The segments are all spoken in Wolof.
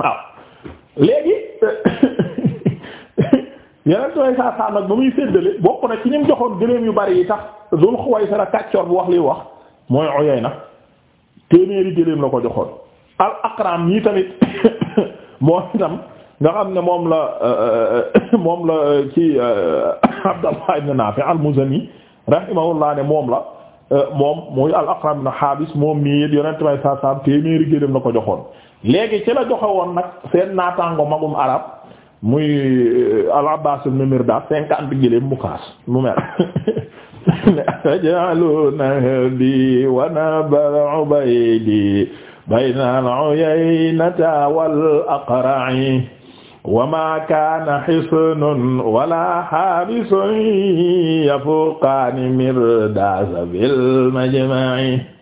waaw léegi yeneen tooy saa nag ba muy séddale bokk na ci ñim joxoon gëléem yu bari yi tax Zul wax liy wax mooy na téeméeri gëléem la ko joxoon al Aqram ñii tamit moo itam nga xam ne moom la moom la ci Abdallah na Nafi al-Muzani rahimahullah ne moom la moom muy al Aqram na Habis moom nii it yonent may saa saa téeméeri gëléem la ko joxoon léegi ci la joxe woon nag seen naataango magum arab muy euh, al-Abbas ibn Mirda cinquante giléem mu kaas mu mer ajaluna bi wa nabal ubaydi bayna al-uyaynata wal aqra'i wa ma kana hisnun wala habisun yafuqani mirdaza bil majma'i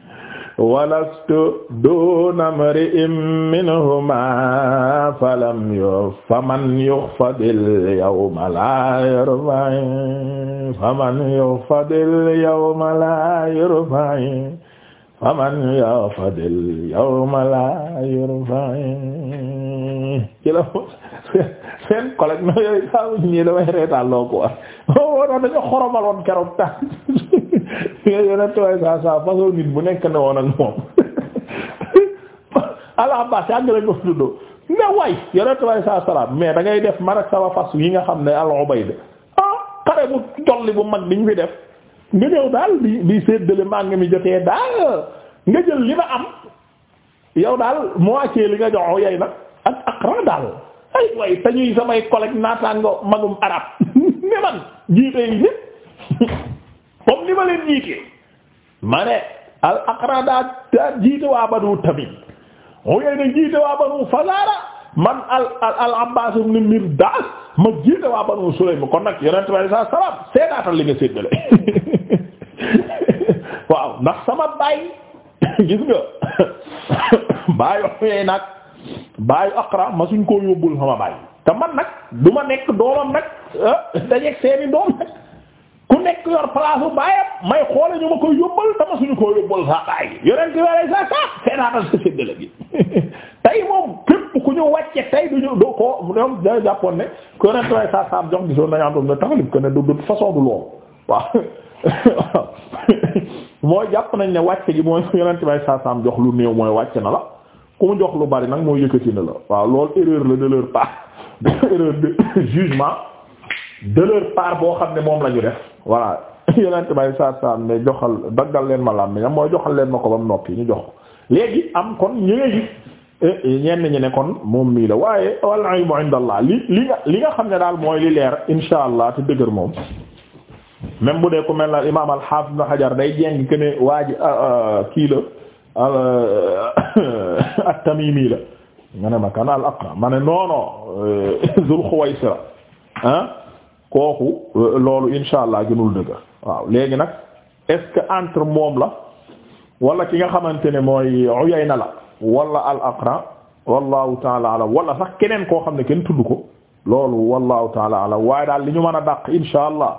walastu duna mri'in minhuma falam yu faman yukhfadil yawma la yurfa'i faman yukhfadil yawma la yurfa'i faman yukhfadil yawma la yurfa'i ci la seen collègue no yooyu saa ñi damay reetaan loo ko war woo dañu xoromaloon keroog taan yonent saa saa façon nit bu nekk ne woon ak moom alabbas yàgg lañ ko fi tuddoo mais way yonent way saa salaam mais da ngay def man ak sama fas yi nga xam ne al-Ubayd ah xare bu jolli bu mag biñ fi def nga ñëw daal di di maa ngi mi jotee daal nga jël li ma am yow daal moitié li nga joxoo yey nag ak Aqra daal ay way te ñuy samay collègue naataango magum arab ne man jiite yi ñépp ni ma leen jiite ma ne al aqra daa jiite waa banu tamim uyay na jiite waa banu fazaara man al al al abbaas ibn mirdaas ma jiite waa banu sulaym kon nag yonent bi sallallahu alayhi wasallam seedaatal li nga séddale waaw ndax sama baay gis nga baayu uyay nag baayu aqra ma suñ koo yóbbul sama baay te man nag du ma nekk doomam nag ah, dajeeg seeni doom nag ku nekk yor place baayam may xoole ñu ma koy yóbbal dama suñu koo yóbbal saa baay yonent bi alayhi salaatu salaam seenaatal sa séddale bi tey ko ñoom da jàppoon ne ku yonent way saa saam jox gisoon nañu andoon na taxalib mooy jàpp nañ ne wàcce gi mooy yonent jox lu néew mooy wàcce na la ku mu jox lu bari nag mooy yëkkati na la waaw loolu erreur la de leur part erreur de de leur boo xam ne moom la ñu def voilà yonent may saat saam ne joxal daggal leen ma làmmiñam mooy joxal leen ma ko ba mu noppi ñu jox léegi am kon ñu ngi gis eh, eh, ñenn kon moom mii la waaye wal ilmu indallah li li nga li nga xam ne daal mooy li leer insha allah te dëgër moom même bu dee ku mel na imaam al-Hafiz Ibn Hajar day jeng que ne waa ji ah, ah, kii la at-Tamimi ne ma kan al-Aqra ma ne non non euh, Zul Khuwaysira ah kooku euh, loolu insha allah gënul dëgg waaw léegi nag est que entre moom la wala ki nga xamante ne mooy Uyayna la wala al aqra wallahu taala alam wala sax keneen koo xam ne kenn tudd ko loolu wallahu taala alam waaye daal li ñu mën a dàq insha allah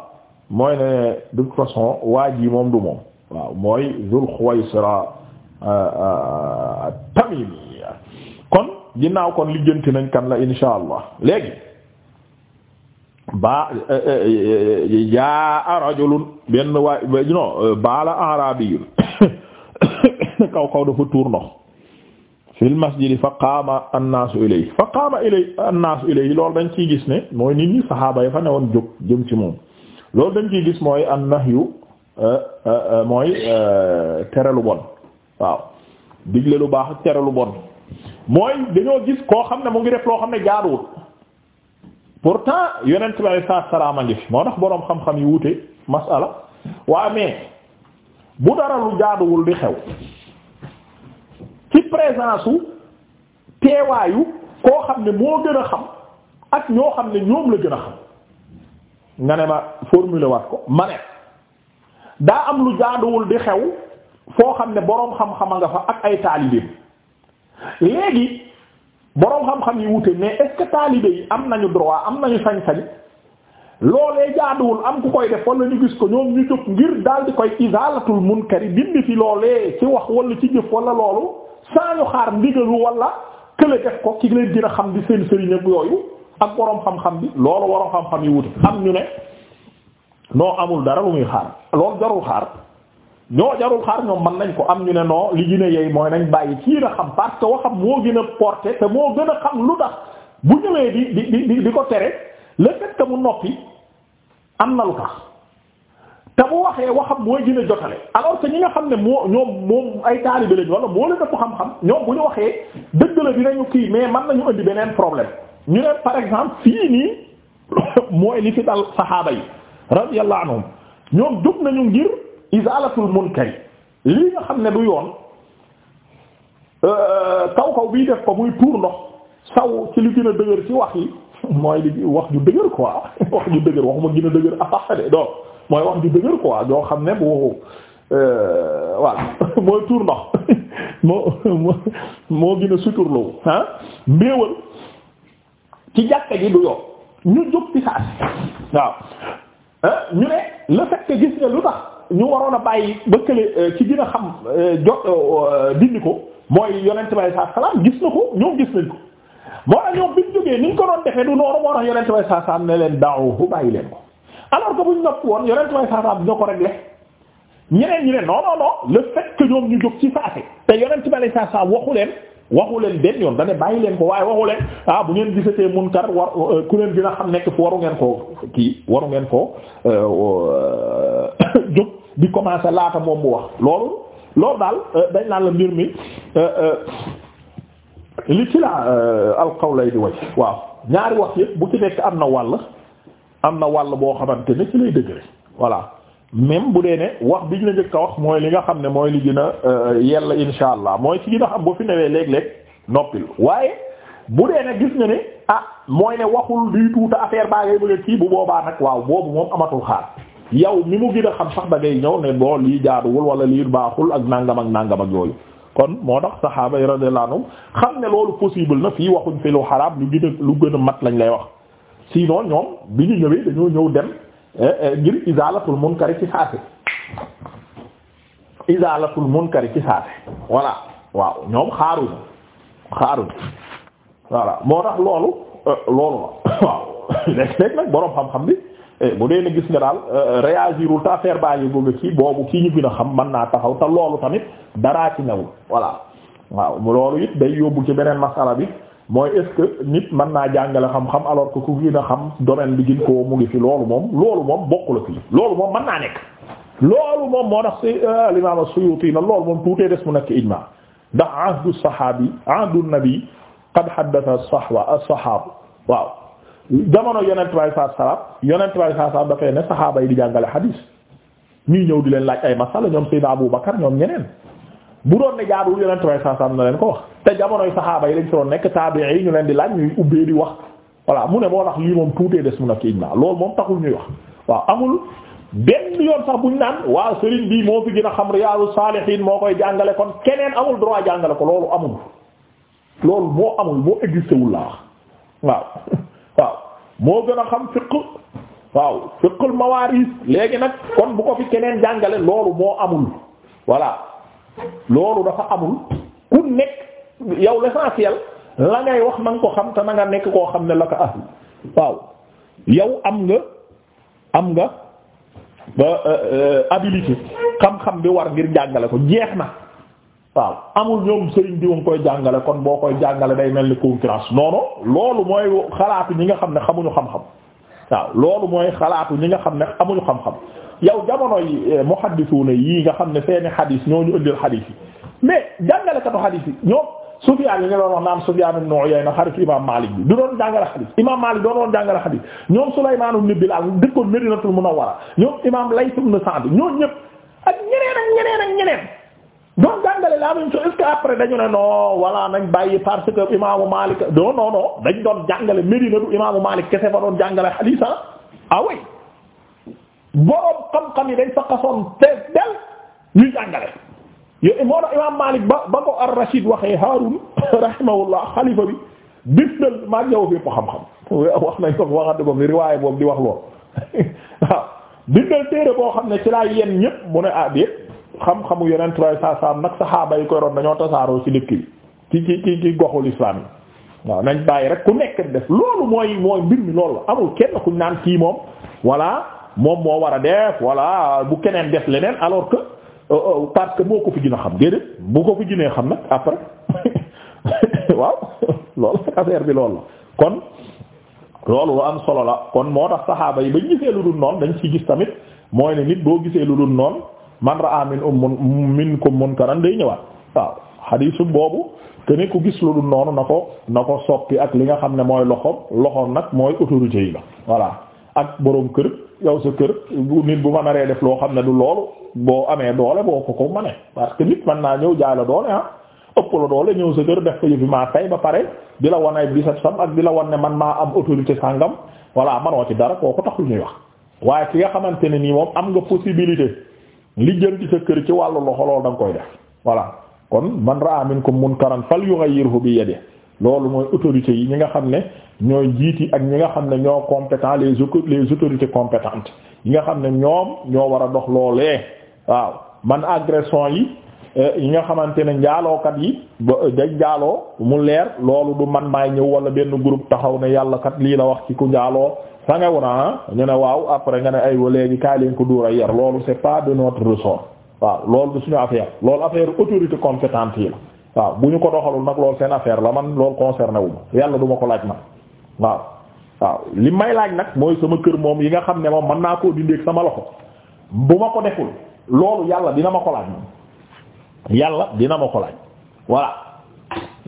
mooy ne de toute façon waa ji moom du moom waaw mooy Zul Khuwaysira euh, euh, Tamimi kon ginnaaw kon lijjanti nañ kan la insha allah léegi ba eh, eh, eh, jaa rajulun benn waay non baala arabiyun kaw kaw dafa tuur ndox fil masjidi fa qaama annaasu ilayhi fa qaama ilayhi annaasu ilayhi loolu dañ ciy gis ne mooy nit ñi saxaaba yi fa ne woon jóg jëm ci moom loolu dañ ci gis mooy an yu mooy tere lu bon waaw digle lu baax ak tere lu bon mooy dañoo gis koo xam ne mu ngi def loo xam ne jaaduwul pourtant yonent bi ay saa salaam a ngi fi moo tax boroom xam-xam yi wute masala waa mais bu dara lu jaaduwul di xew ci présence su teewaayu koo xam ne moo gën a xam ak ñoo xam ne ñoom la gën a xam nga ne ma formulé waat ko ma ne daa am lu jaaduwul di xew foo xam ne boroom xam-xam a nga fa ak ay taalibeem léegi boroom xam-xam yi wute mais est-ce yi am nañu droit am nañu sañ-sañ loolee jaaduwul am ku koy def wala ñu gis ko ñoom ñu jóg ngir daal di koy izalatul munkari bind fi loolee ci wax wala ci jëf wala loolu saa ñu xaar ndigalu wala kële def ko ci leen dina xam di seen sëriñ yooyu ak boroom xam-xam bi loolu boroom xam-xam yi wute am ñu ne noo amul dara lu muy xaar loolu jarul xaar. ñoo jarul xaar ñoom man nañ ko am ñu ne noo li gën a yey mooy nañ bàyyi kii na xam parce que waxam moo gën a porté te moo gën a xam lu tax bu ñëwee di di di di ko tere la fait que mu noppi am na lu tax te bu waxee waxam mooy gën a jotale alors que ñi nga xam ne moo ñoom moom ay taalibe lañu wala moo leen ëpp xam-xam ñoom bu ñu waxee dëgg la dinañu kii mais mën nañu indi beneen problème ñu ne par exemple fii nii mooy li fi dal saxaaba yi radiyallahu anhum izalatul munkari lii nga xam ne du yoon euh, kaw kaw bii def ko muy tuur ndox saw ci li gën a dëgër ci wax yi mooy li wax ju dëgër quoi wax ju dëgër waxuma gën a dëgër apaxade ah, ah, donc mooy wax ju dëgër quoi yoo xam ne bu voilà euh, tuur ndox moo moo gën a suturloo ah, mbéewal ci jàkka ji du yoon ñu jóg ci saas waaw ñu ne le fait que gis nga lu tax ñu waroon a bàyyi bëkkale euh, ci gën xam euh, jo euh, dindi ko mooy yonent bay saa gis na ko ñoom gis nañ ko moo tax ñoom bi jógee ni ko doon defee du nooru moo tax yonent bay saa ne leen daawu bàyyi leen ko alors que bu ñu nopp woon yonent bay saa salaam dina ko réglé ñeneen ñi ne non non non le ñoom ñu jóg ci saase te yonent bay saa waxu leen waxu leen benn yoon da ne bàyyi leen ko waaye waxu leen ah bu ngeen gisatee munkar war ku leen dina xam nekk fu waru ngeen koo kii waru ngeen ko jóg. di commencer laata moom mu wax loolu loolu daal euh, dañ naan la mbir mi euh, euh, li ci la lay di waj waaw ñaari wax yëpp bu ci nekk am na wàll am na wàll boo xamante ne ci lay dëgëre voilà même bu dee ne wax bi ñu la njëkk a wax mooy li nga xam ne mooy li gën a yella insha allah mooy ci gën a xam boo fi newee léeg-léeg noppil waaye bu dee ne gis nga ne ah mooy ne waxul du tuuta affaire baa ngay bëgg kii bu boobaa nag waaw boobu moom amatul xaar yow mi mu gën a xam sax da ñëw ne boo lii jaaduwul wala lii baaxul ak nangam ak nangam ak yooyu kon moo tax saxaaba yi radiyallahu anhum xam ne loolu possible na fii waxuñ fi lu lu gën lu gën a mat lañ lay wax sinon ñoom bi ñu ñëwee dañoo ñëw dem eh, eh, ngir izalatul munkari ci saase izalatul munkari ci saase waaw ñoom xaaruñu xaaruñu voilà loolu euh, loolu la waaw léeg-léeg nag boroom xam-xam bi Eh, bu dee ne gis nga daal eh, réagirul te affaire baa ngi bëgg boobu kii ñu gën xam man naa taxaw te loolu tamit daraa ci newul voilà waaw loolu it day yóbbu ci beneen masala bi mooy est nit mën naa jàngale xam-xam alors que ku gën a xam domaine bi gin koo mu ngi fi loolu moom loolu moom bokku la fii loolu moom mën naa nekk loolu moom moo tax si eh, al-imam as-Suyuti na loolu moom tuutee des mu nekk ijma ndax ahdu sahabi ahdu nabi qad haddatha jamono yonent bi saa salaam yonent bi saa salaam dafay ne saxaaba yi di jàngale xadiis ñuy ñëw di leen laaj ay masala ñoom Seydina Abu Bakar ñoom ñeneen bu doon ne jaarul yonent bi saa salaam na leen ko wax te jamonoy saxaaba yi dañ si doon nekk taabi'i yi ñu leen di laaj ñuy ubbee di wax voilà mu ne moo tax lii moom tuutee des mun a kii ma loolu moom taxul ñuy wax waaw amul benn yoon sax buñ naan waaw Serigne bii moo fi gën a xam Riyâdous Sâlihîne moo koy jàngale kon keneen amul droit jàngale ko loolu amul loolu amul moo moo gën a xam fiqh waaw fiqhul mawaris léegi nag kon bu ko fi keneen jàngale loolu moo amul voilà loolu dafa amul ku nekk yow l'essentiel la ngay wax na nga ko xam te na nga nekk koo xam ne la ko ahlu waaw yow am nga am nga ba euh, euh, habilité xam-xam bi war ngir jàngale ko jeex na waaw amul ñoom sëriñ diwum koy jàngale kon boo koy jàngale day mel ni concurrence non non loolu mooy xalaatu ñi nga xam ne xamuñu xam-xam waaw loolu mooy xalaatu ñi nga xam ne amuñu xam-xam yow jamono eh, yi muhaddisuna yii nga xam ne seeni xadis ñoo ñu ëndil yi mais jàngalekatu xadis yi ñoom Sufyaan yi nga doon wax naan Sufyaan ibn Uyayna xaritu imaam Maalik na du doon jàngale xadis imaam Maalik doon doon jàngale xadis ñoom Sulaymaan ibn Bilaal dëkkoon Madinatul Munawwara ñoom imaam Layth ibn Sa'd ñoo ñëpp ak ñeneen ak ñeneen ak ñeneen doon jàngale la même chose est après dañu ne non voilà nañ bàyyi parce que imaamu Malik non non non dañ doon jàngale Medina du imaamu Malik kese fa doon jàngale hadith ah, ah xam-xam yi dañ fa xasoon teel del ñu jàngale. yooyu moo tax imaam Malik ba ba ko ar waxee Haarun rahimahullah xalifa bi bis na maa ngi ñëw fépp xam-xam wax nañ ko waxati ko fi boobu di wax lool waaw bis téere boo xam ne ci laa yéen ñëpp mu ne ah xam-xamu yeneen trois cent saam nag saxaaba yi koy ron dañoo tasaaroo ci dëkk bi ci ci ci goxul islam waaw nañ bàyyi rek ku nekk def loolu mooy mooy mbir mi loolu amul kenn kuñ naan kii moom voilà moom moo war a def voilà bu keneen def leneen alors que euh, euh, parce que moo xam déedéet bu ko fi xam nag après waaw loolu affaire bi loolu la kon loolu lu am solo la kon moo tax saxaaba yi bañ gisee lu dul noonu dañ ci gis tamit mooy ne nit boo gisee lu dul noonu. man ra'a min um minkum munkaran day ñëwaat waaw xadiisu boobu te ne ku gis lu dul noonu na ko na ko soppi ak li nga xam ne mooy loxoom loxoom nag mooy autorité yi la voilà ak boroom kër yow sa kër nit bu ma naree def loo xam ne du loolu boo amee doole boo ko ko mën naa ñëw jaay la doole ah doole ñëw sa kër maa tay ba pare di la wan ay bisab sam ak di la wan ne man maa am autorité sàngam voilà manoo ci dara koo ko tax lu ñuy wax waaye ki nga xamante ne nii moom am nga possibilité li lijjanti sa kër ci wàllu loxo loolu da nga koy def voilà kon man ko mun ra'a minkum munkaran falyughayyirhu bi yadihi loolu mooy autorités yi ñi nga xam ne ñooy jiiti ak ñi nga xam ne ñoo compétent les les autorités compétentes yi nga xam ne ñoom ñoo war a dox loolee waaw man agression yi eh, yi nga xamante ne njaalookat yi ba eh, dañ njaaloo mu leer loolu du man maay ñëw wala benn groupe taxaw ne yàlla kat lii la wax ci ku njaaloo sangewu a ah, ñu ne waaw après nga ne ay wa léegi kaay leen ko dóor a yar loolu c'est pas de notre ressort waaw loolu du suñu affaire loolu affaire autorité compétente yi la waaw bu ñu ko doxalul nag loolu seen affaire la man loolu concerné wu yàlla duma ma ko laaj man waaw waaw li may laaj nag mooy sama kër moom yi nga xam ne moom man naa koo dindéeg sama loxo bu ma ko deful loolu yàlla dina ma ko laaj moom yàlla dina ma ko laaj voilà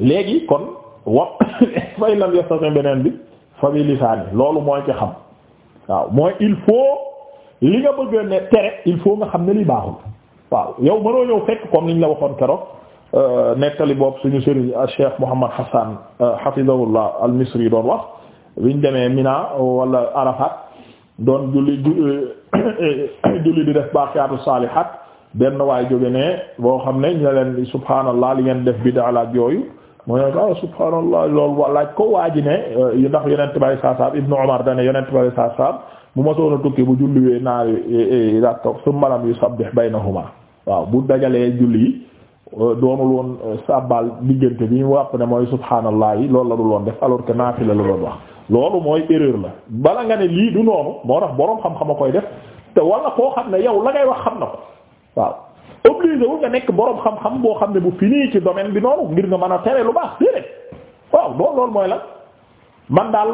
léegi kon wa fay lan yostasin beneen bi fa bi loolu mooy ci xam waaw mooy il faut li nga bëgg ne tere il faut nga xam ne li baaxul waaw yow mënoo ñëw fekk comme liñ la waxoon keroog euh, nekkali boobu suñu sëriñ euh, Cheikh Mouhamad Hassan euh, hafidahullah al-Misri doon wax biñ demee Mina wala Arafat doon julli julli di def baaqiyaatu saalihaat benn waay jóge ne boo xam ne ñu leen subhaanallah li ngeen def bid'a la yooyu. mooy ne ah subhaanallah loolu laaj ko waa ji ne eh, ndax yonent bi saa saab Ibnu Umar da ne yonent bi saa saab bu ma soona tukki bu julliwee naari rakka eh, eh, summa lam yusabbih baynahuma waaw bu dajalee julli yi doonul woon sabbal diggante bi ñu wàpp ne mooy subhaanallah yi loolu la dul woon def alors que naafila la woon wax loolu mooy erreur la bala nga ne lii du noonu moo tax boroom xam-xam a koy def te wala koo xam ne yow la ngay wax xam na obligé wu nga nekk boroom xam-xam boo xam ne bu fini ci domaine bi noonu ngir nga mën a tere lu baax déedéet waaw loolu loolu mooy la man daal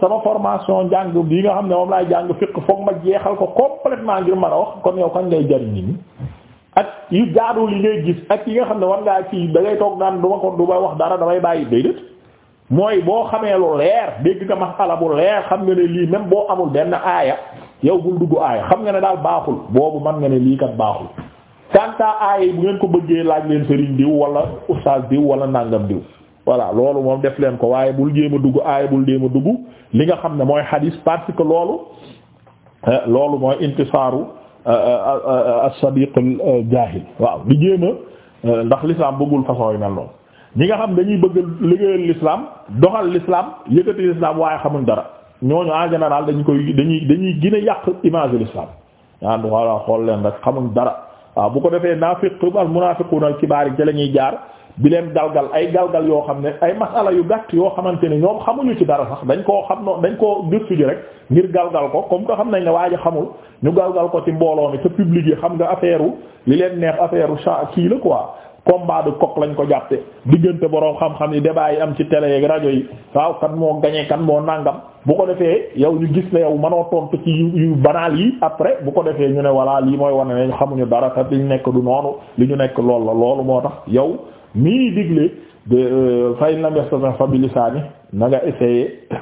sama formation njàng bii nga xam ne moom laay jàng fiqh foog ma jeexal ko complètement ngir mën wax kon yow kan ngay jariñ nit ak yu jaadul yi ngay gis ak yi nga xam ne war ngaa ci da ngay toog naan du ma ko du ma wax dara damay bàyyi déedéet mooy boo xamee lu leer dégg nga masala bu leer xam nga ne lii même boo amul benn aaya yow bul dugg aaya xam nga ne daal baaxul boobu mën nga ne lii kat baaxul. kanta aaye bu ngeen ko bëggee laaj leen sëriñ diw wala oustaz diw wala nangam diw voilà loolu moom def leen ko waaye bul jéem a dugg aay bul jéem a dugg li nga xam ne mooy xadis parce que loolu eh, loolu mooy intisaaru eh, eh, as-sadiq al-jahil waaw di jéem a ndax l'islam bëggul façon yu mel noonu ñi nga xam dañuy bëgg liggéeyal lislaam doxal lislaam yëkkati l'islam waaye xamuñ dara ñooñu en général dañu koy dañuy dañuy gën yàq image dara waaw bu ko defee naafiq al munaafiquun al kibaar ci la ñuy jaar bi leen galgal ay galgal yoo xam ne ay masala yu gàtt yoo xamante ne ñoom xamuñu ci dara sax dañ koo xam noonu dañ koo gëstu ji rek ngir galgal ko comme que xam nañ ne waa ji xamul ñu galgal ko ci mbooloo mi te public yi xam nga affaire li leen neex affaire u kii la ko quoi combat de coq lañ ko jàppe diggante boroom xam-xam yi débat yi am ci télé yeeg rajo yi waaw kan moo gañee kan moo nàngam bu ko defee yow ñu gis na yow mënoo tontu ci yu banaal yi après bu ko defee ñu ne voilà lii mooy wane ne xamuñu dara te li ñu nekk du noonu li ñu nekk lool la loolu moo tax yow mii digle de fay na nga fa bi lisaani na nga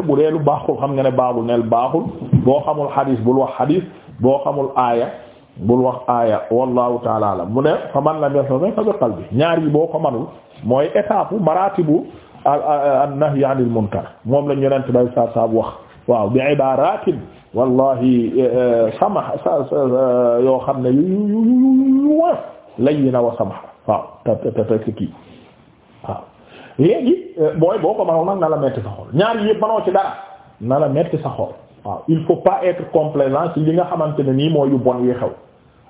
bu dee lu baaxul xam nga ne baaxul neel baaxul boo xamul xadiis bul wax xadiis boo xamul aaya bul wax aaya wallahu taala alam mu ne fa man lam yastati fa bi qalbi ñaar yi boo ko manul mooy étape maratibu an-nahy anil munkar moom lañ yonent bay sa sa wax waaw bi ibaratin wallahi eh, eh, sama yoo xam ne yu yu yu yu wa sama waaw ta ta ta kii waaw léegi mooy eh, boo ko manul nag na la metti sa xol ñaar yi yëpp manoo ci dara na la metti sa xol waaw il faut pas être complaisant li nga xamante ne nii mooy yu bon yi xew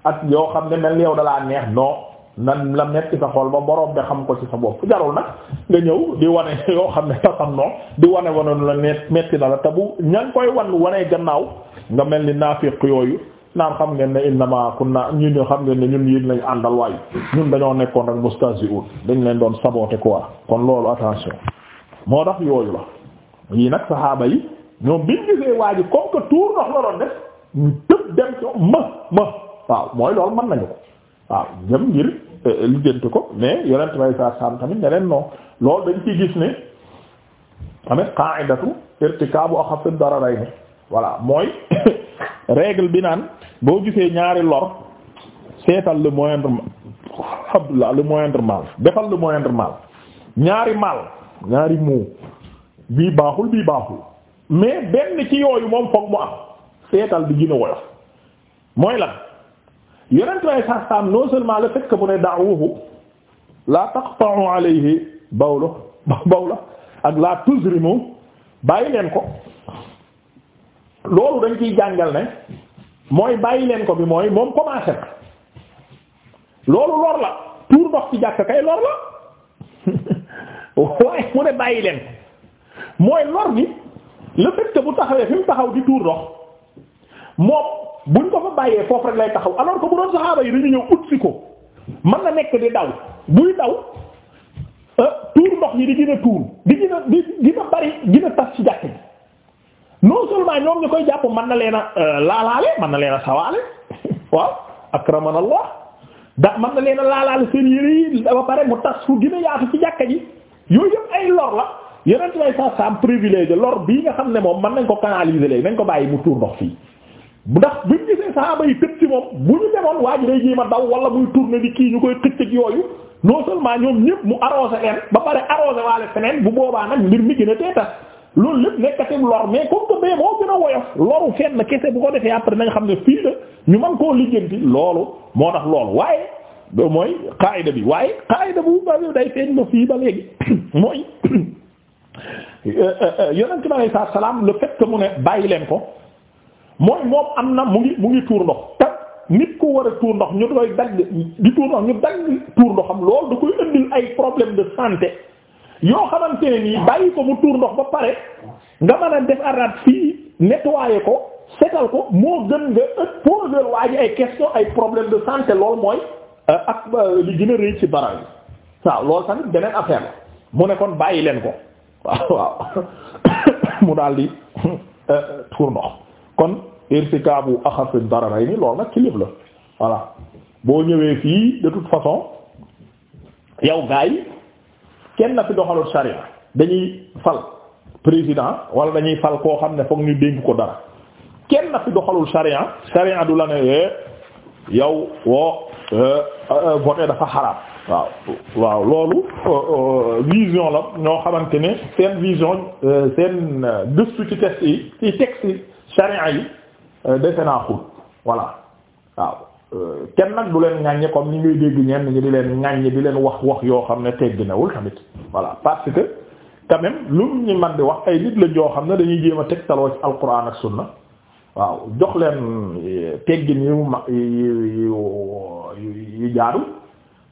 ak yoo xam ne mel yow dalaa neex non nan la sa xol ba borom bi xam ko ci sa bopp jarul nag nga ñëw di wane yoo xam ne tasam non di wane wane la metti na la te bu ña ngi koy wan wanee gannaaw nga mel ni naafiq yooyu naan xam ngeen ne innama kunna ñun ñoo xam ngeen ne ñun yéen lañu àndal waaye ñun dañoo nekkoon rek mustahzi'un dañ leen doon saboter quoi kon loolu attention moo tax yooyu la yii nag saxaaba yi ñoom biñ gisee waa ji comme que tuur ndox la doon def ñu waaw mooy lool man nañu ko waaw jëm ngir euh, euh, lijjanti ko mais yonent bay saa saam tamit ne leen non loolu dañ ciy gis ne tamit qa'idatu irtikabu akhaf ad-dararayn voilà mooy règle bi naan boo gisee ñaari lor seetal le moindre abdullah le moindre mal defal le moindre mal ñaari mal ñaari mu bii baaxul bii baaxul mais benn ci yooyu moom foog mu am seetal bi gën a woyof mooy lan yeneen trois cent non seulement le fait que mu ne da'uhu la taqta'u alayhi bawlu bawla ak la tuzrimu bàyyi leen ko loolu dañ ciy jàngal ne mooy bàyyi leen ko bi mooy moom commencé na loolu lor la tuur ndox ci jàkk kay lor la waaye mu ne bàyyi leen mooy lor bi le fait que bu taxawee fi taxaw di tuur dox moom buñ ko fa bàyyee foofu rek lay taxaw alors que bu doon saxaaba yi dañu ñëw ut si ko man na nekk di daw buy daw euh, tuur ndox yi di gën a tuur di gën a di gën a bari gën a tas ci jàkk ji non seulement ñoom ñu koy jàpp man na leen a euh, laalaale man na leen a sawaale waaw akramanallah ndax man na leen a laalaale seen yére yi ba pare mu tas fu gën yaatu ci jàkka ji yooyu yëpp ay lor la yeneen may sa sam privilège lor bii nga xam ne moom mën nañ ko canaliser léegi nañ ko bàyyi mu tuur ndox fii ndax buñ gisee saaba yi tëb ci moom bu ñu demoon waa ji day jéem a daw wala muy tourner di kii ñu koy xëccëg yooyu non seulement ñoom ñëpp mu arrosé leen ba pare arrosé waale feneen bu boobaa nag mbir mi gën a teetas loolu lépp nekkatim lor mais comme que bee moo gën a woyof loru fenn kese bu ko defee après nañ xam ne fii la ñu mën koo lijjanti loolu moo tax loolu waaye mooy qaayda bi waaye qaayda bu ba day feeñ ba fii ba léegi mooy euh, euh, euh, yonent bi alayhi salaam le fait mu ne bàyyi leen ko mooy moom am na mu ngi mu ngi tuur ndox te nit ku war a tuur ndox ñu koy dagg di tuur ndox ñu lool tuur ndoxam da koy indil ay problème de santé yoo xamante ne nii bàyyi ko mu tuur ndox ba pare nga mën a def araat fii nettoyer ko setal ko moo gën nga ëpp poser waa ji ay question ay problème de santé lool mooy euh, ak euh, li gën a rëy ci bara yi waaw loolu tamit beneen affaire la mu ne kon bàyyi leen ko waaw mu daal di euh, tuur ndox kon irtikaabu axafi dararayni loolu nag ci la voilà boo ñëwee fii de toute façon yow gars yi kenn na fi doxalut sharia dañuy fal président wala dañuy fal koo xam ne foog ñu dénk ko dara kenn na fi doxalul sharia sharia du la ne eh, yow woo eh, eh, voté dafa xaraam waaw loolu euh, euh, vision la ñoo xamante ne seen vision euh, seen gëstu ci texte yi ci texte yi sharia yi euh, defe naa xul voilà waaw euh, kenn nag du leen ŋàññi comme ni ngay dégg ñenn ñi di leen ŋàññi di leen wax wax yoo xam ne tegginawul tamit voilà parce que quand lu ñu man di wax ay nit la yoo xam ne dañuy jéem a tegtaloo ci alquran ak sunna waaw jox leen euh, teggin yu ma yu jaadu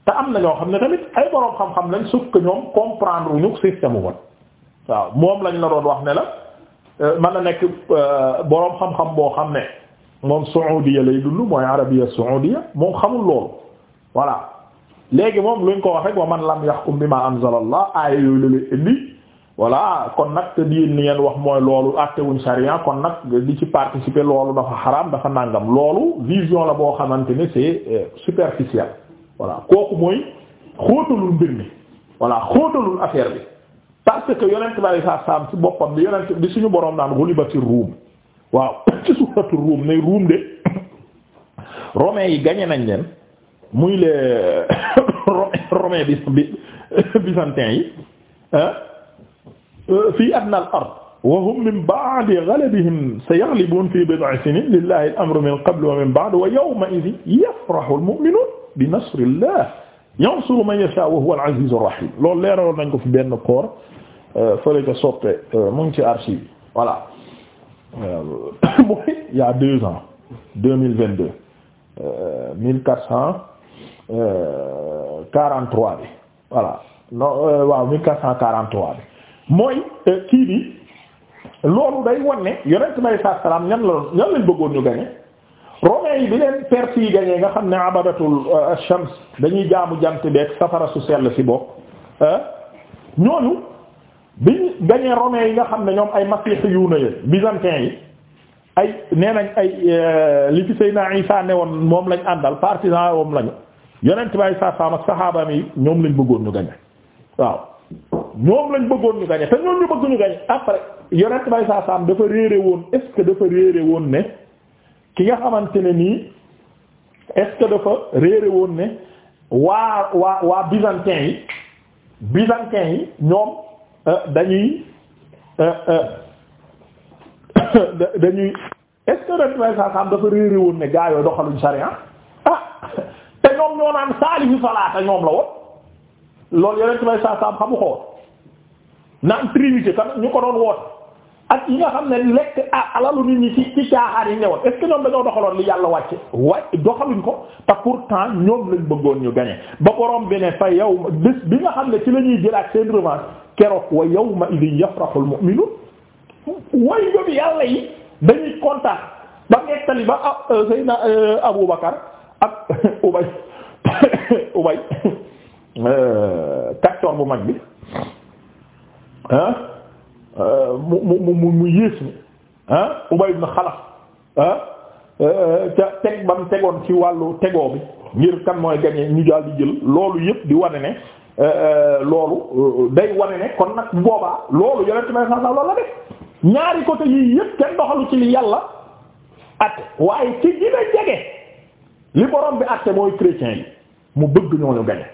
te am na ñoo xam ne tamit ay boroom xam-xam lañ sauf que ñoom comprendre wuñu système u wat waaw moom lañ la doon wax ne la Euh, man na nekk euh, boroom xam-xam boo xam ne moom saoudia lay dund mooy arabia saoudia moom xamul loolu voilà léegi moom luñ ko wax rek wa man lam yahkum bima anzalallah aaya yooyu la lay indi voilà kon nag te diin li ngeen wax mooy loolu àttewuñ sharia kon nag di ci participer loolu dafa xaraam dafa nàngam loolu vision la boo xamante ni si euh, superficiel voilà kooku mooy xóotalul mbir mi voilà xóotalul affaire bi parce que yonent bari saa saam bi yonent bi suñu boroom naan gulibati ruum waaw nañ leen muy les romain bi bi yi euh, fii adna al ard wa min ba'di ghalabihim sayaghlibun fi bid'i sinin lillahi al min qablu wa min ba'du wa yawma idhin yafrahu al mu'minun bi nasrillah yansuru man yasha wa huwa al-azizur rahim loolu leeraloon nañ ko fi benn koor euh, fële ca soppe euh, mu ngi ci archive bi voilà euh, mooy il a deux ans deux mille vingt deux mille quatre cent quarante trois bi voilà non waaw mille quatre cent quarante trois bi mooy kii loolu day wone yonent bi sallallahu alayhi ñan la ñan lañ bëggoon ñu gagner romains yi bi leen perse yi gañee nga xam ne abadatul euh, shams dañuy jaamu jant beeg safara su sell si bokk ñooñu biñ gañee romains yi nga xam ne ñoom ay masiix yu na yooyu byzantins yi ay nee nañ ay euh, li fi Seydina Isa ne woon moom lañ àndal partisan woom lañu yonent bay sa saam ak saxaabam yi ñoom lañ bëggoon ñu gañe waaw ñoom lañ bëggoon ñu gañe te ñoom ñu bëgg ñu gañe après yonent bay sa saam dafa réere woon est dafa réere woon ne ki nga xamante ne nii est-ce que dafa réere woon ne waa waa waa byzantin yi byzantin yi ñoom euh, dañuy euh, euh, dañuy est-ce que rentway sa dafa réere woon ne gaa yooyu doxaluñ sariya ah te ñoom ñoo naan ñu salaata ñoom la woon loolu yo rentway sa sam xamu ko woon naan trinité kan ñu ko doon woot ak yi nga xam ne lekk alalu nit ñi ci ci caaxaar yi ñëwoon est-ce que ñoom dañoo doxaloon li yàlla wàcce wa doxaluñ ko te pourtant ñoom lañ bëggoon ñu gañe ba borom bi ne fa yow bi nga xam ne ci la ñuy jëlaat seen revanche keroog wa yawma idin yafrahul mu'minun way ngëm yàlla yi dañuy kontaan ba ngettali ba ah, euh, euh, Abu Bakar ak Ubay Ubay euh, kaccoor bu mag bi mu mu mu mu yées mi ah Ubay ibn Xalaf ah euh, ca teg bam tegoon ci wàllu tegoo bi ngir kan mooy gañe ñu daal di jël loolu yëpp di wane ne euh, euh, loolu day wane ne kon nag boobaa loolu yonent may sax loolu la ñaari côté yii yëpp kenn doxalu ci yàlla at waaye ci gën a jege li borom bi atte mooy chrétien yi mu bëgg ñooñu gañe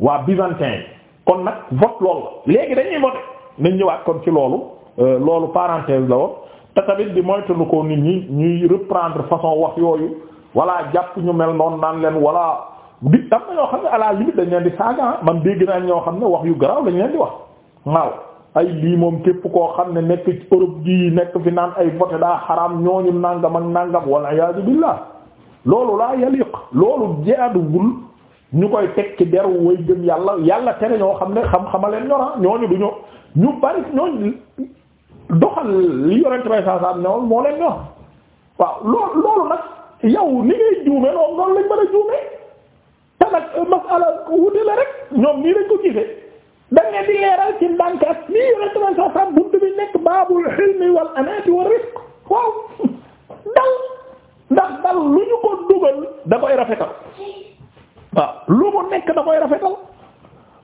waa byzantin yi kon nag vote loolu léegi dañuy voter nañ ñëwaat kon ci loolu euh, loolu parenthèse la woon te tamit di moytanu ko nit ñi ñuy reprendre façon wax yooyu walla jàpp ñu mel noonu naan leen walla di am na ñoo xam ne à la dañ leen di saaga ah. man dégg naa ñoo xam ne wax yu garaaw lañ leen di wax waaw ay lii moom képp koo xam ne nekk ci Europe gi nekk fi naan ay vote daa xaraam ñooñu nàngam ak nàngam walla iyaazu billaah loolu laa yaliq loolu jaaduwul ñu koy teg ci deru way yàlla yàlla tere ñoo xam ne xam-xamaleen ñora ah. du ñu ñu bari ñooñ doxal li yore bay saa saa ne woon moo leen ñor waaw loolu loolu nag yow ni ngay juume loolu noonu lañ mën a juume te nag masala wute la rek ñoom nii dañ ko gisee dañ ne di leeral ci ndànk ak nii yore bay saa saa buntu bi nekk baabul hilmi wal anaati wal rifq waaw dal ndax dal lu ñu ko dugal da koy rafetal waaw lu mu nekk da koy rafetal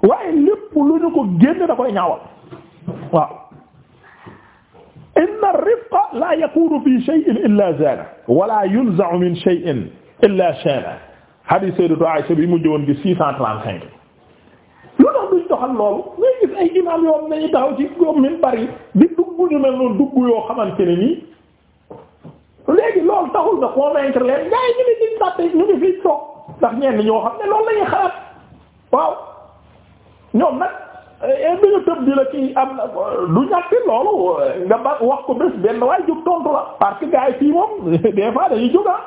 waaye lépp lu ñu ko génn da koy ñaawal. waaw inna ar-rifqa la yakunu fi shay'in illa zana wala yunza'u min shay'in illa shana hadith sayyidatu Aisha bi mu jëwoon gi 635 lu tax duñ doxal loolu ngay gis ay imam yoo am nañu taxaw ci góom min bari di dugg ñu mel noonu dugg yoo xamante ne nii léegi loolu taxul nga convaincre leen gars yi ñu ngi ci sàtte ñu ngi fi toog ndax ñenn ñoo xam ne loolu Eh, bi nga tëb di la ci am du ñàkk loolu nga wax ko bés benn waaye jóg tontu la parce que gars yi fii moom des fois dañuy jóg ah.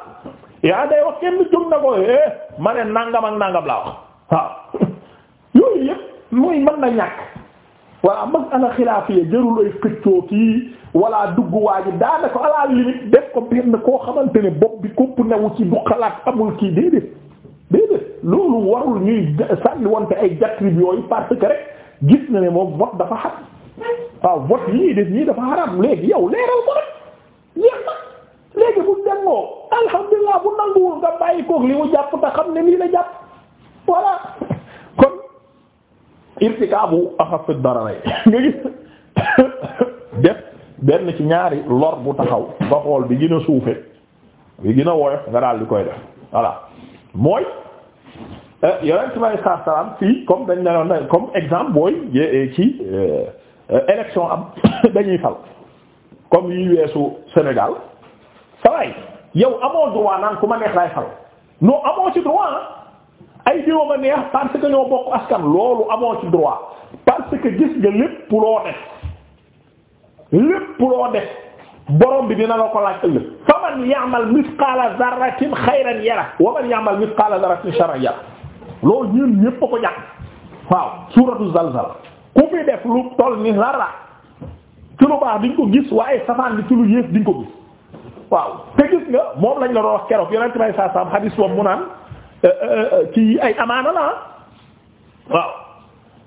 yaa day wax kenn jóg na ko eh ma ne nangam ak nangam laa wax waaw yooyu yëpp muy mën na ñàkk voilà mas ala xilaafiya jërul ay xëccoo kii wala dugg waa ji daanaka à def ko benn koo xamante ne bopp bi kopp newu ci du xalaat amul kii déedéet déedéet loolu warul ñuy sànni wante ay jatrib yooyu parce que rek gis na ne moom vote dafa xat waaw vote yi ñuy def nii dafa xaram léegi yow leeral ko rek yéen léegi bu dengoo alhamdulilah bu nanguwul nga bàyyi koog li mu jàpp te xam ne nii la jàpp voilà kon irtikaabu axafid dararay nga gis def benn ci ñaari lor bu taxaw nga xool bi gën a suufe bi gën a woyof nga daal di koy def voilà mooy Euh, yonent bi fii comme dañ ne la comme exemple booy eh, ci euh, euh, élection am dañuy fal comme yi weesu Sénégal saway yow amoo droit naan ku ma neex laay fal non amoo ci droit ay diwa ma neex parce que ñoo bokk askan loolu amoo ci droit parce que gis nga lépp loo def lépp loo def borom bi dina la ko laaj ëllëg fa man ya'mal mithqala dharratin khayran yara wa man ya'mal mithqala dharratin sharran yara loolu ñun ñépp ko jàng waaw suuratu zalzal ku fi def lu toll ni dara ci lu baax diñ ko gis waaye safaan bi ci lu yées diñ ko gis waaw te gis nga moom lañ la doon wax keroog yonent may saa saam xadis euh, euh, euh, ci ay amaana la ah. waaw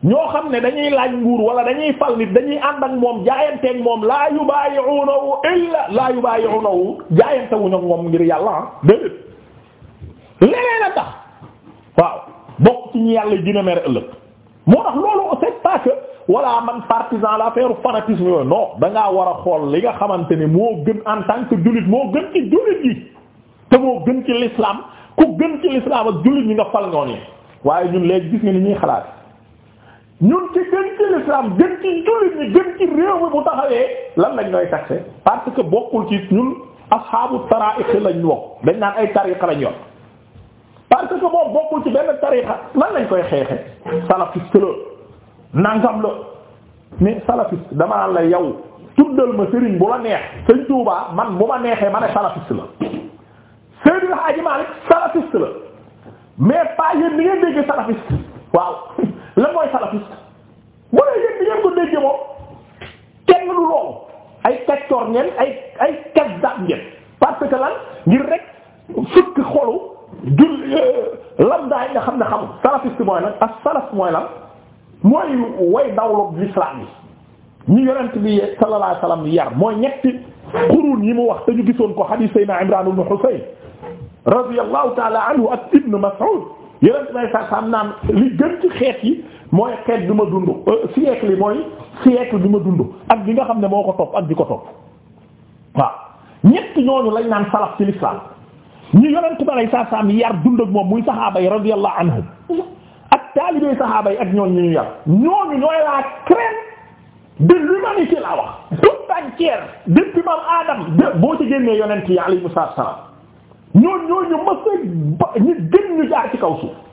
ñoo xam ne dañuy laaj nguur wala dañuy fal nit dañuy ànd ak moom jaayanteeg moom laa yubayi'unahu illa laa yubayi'unahu jaayante wuñu ak moom ngir yàlla ah déedéet leneen a tax waaw bokk ci ñu yàlla dina mere ëllëg moo tax loolu c'est pas que voilà man partisan l'affaire fanatisme yooyu non da ngaa war a xool li nga xamante ne moo gën en tant que jullit moo gën ci jullit yi te moo gën ci l'islam ku gën ci l'islam ak jullit ñi nga fal ñoo nii waaye ñun léegi gis nga ni ñuy xalaat ñun ci gën ci l'islam gën ci jullit ñi gën ci réew mi bu taxawee lan lañ ñooy taxé parce que bokkul ci ñun ashaabu taraix lañ wax dañ naan ay tariqa lañ yor parce que moom bokkul ci benn tarixa nan lañ koy xeexe salafiste la nangam la mais salafiste damaa la yow tuddal ma Serigne bu la neex Serigne Touba man bu ma neexee ma ne salafiste la Serigne Hadji Malick la mais pas ni ngeen dégg salafiste waaw lan mooy salafiste wala yéen ni ngeen ko dégg moom kenn du loolu ay kaccoor ñeen ay ay kas ngeen parce que lan ngir rek mooy lan as-salaf mooy lan mooy way dawlu l'islam yi ñu yonent bi sallallahu alayhi wasallam yar mooy ñetti qurun yi mu wax te gisoon ko hadith sayna Imran ibn Husayn radiyallahu ta'ala anhu ak Ibn Mas'ud yonent bi sax xam naan li gën ci xeet yi mooy xeet bi ma dund euh, siècle yi mooy siècle bi ma dund ak bi nga xam ne moo ko topp ak di ko topp waaw ñetti ñooñu lañ naan salaf ci l'islam ñu yonent bi sax saam yar dund ak moom muy saxaaba taalibey saxaaba yi ak ñoon ñu ñu yar ñooñu ñooy la crème de l'humanité laa wax toute entière depuis maam Adam boo ci génnee yonent yi alayhimu salaam ñooñu ñooñu mës a ñu gën ñu jaar ci kaw suuf